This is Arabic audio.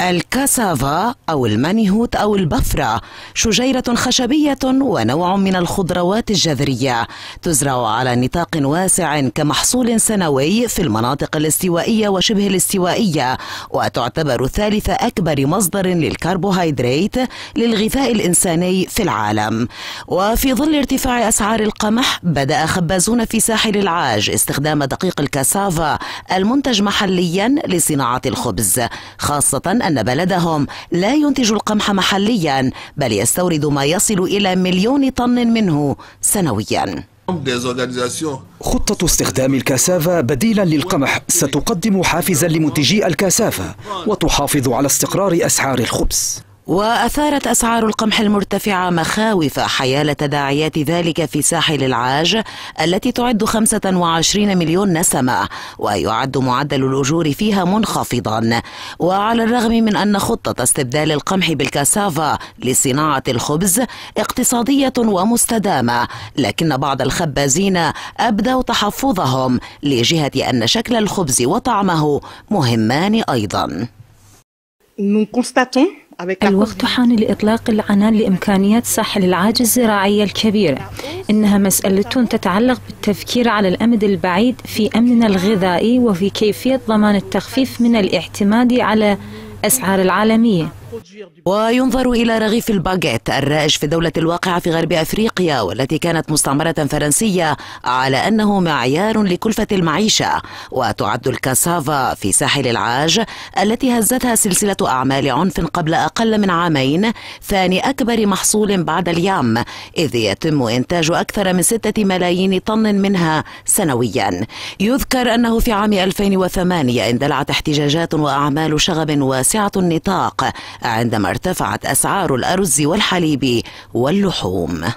الكاسافا أو المانيهوت أو البفرة شجيرة خشبية ونوع من الخضروات الجذرية تزرع على نطاق واسع كمحصول سنوي في المناطق الاستوائية وشبه الاستوائية وتعتبر ثالث أكبر مصدر للكربوهيدرات للغذاء الإنساني في العالم وفي ظل ارتفاع أسعار القمح بدأ خبازون في ساحل العاج استخدام دقيق الكاسافا المنتج محليا لصناعة الخبز خاصة أن بلدهم لا ينتج القمح محليا بل يستورد ما يصل إلى مليون طن منه سنويا خطة استخدام الكاسافة بديلا للقمح ستقدم حافزا لمنتجي الكاسافة وتحافظ على استقرار أسعار الخبز وأثارت أسعار القمح المرتفعة مخاوف حيال تداعيات ذلك في ساحل العاج التي تعد 25 مليون نسمة ويعد معدل الأجور فيها منخفضا وعلى الرغم من أن خطة استبدال القمح بالكاسافا لصناعة الخبز اقتصادية ومستدامة لكن بعض الخبازين أبدوا تحفظهم لجهة أن شكل الخبز وطعمه مهمان أيضا Nous الوقت حان لإطلاق العنان لإمكانيات ساحل العاج الزراعية الكبيرة إنها مسألة تتعلق بالتفكير على الأمد البعيد في أمننا الغذائي وفي كيفية ضمان التخفيف من الاعتماد على أسعار العالمية وينظر إلى رغيف الباجيت الرائج في الدولة الواقعة في غرب أفريقيا والتي كانت مستعمرة فرنسية على أنه معيار لكلفة المعيشة وتعد الكاسافا في ساحل العاج التي هزتها سلسلة أعمال عنف قبل أقل من عامين ثاني أكبر محصول بعد اليام إذ يتم إنتاج أكثر من ستة ملايين طن منها سنويا يذكر أنه في عام 2008 اندلعت احتجاجات وأعمال شغب واسعة النطاق عندما ارتفعت أسعار الأرز والحليب واللحوم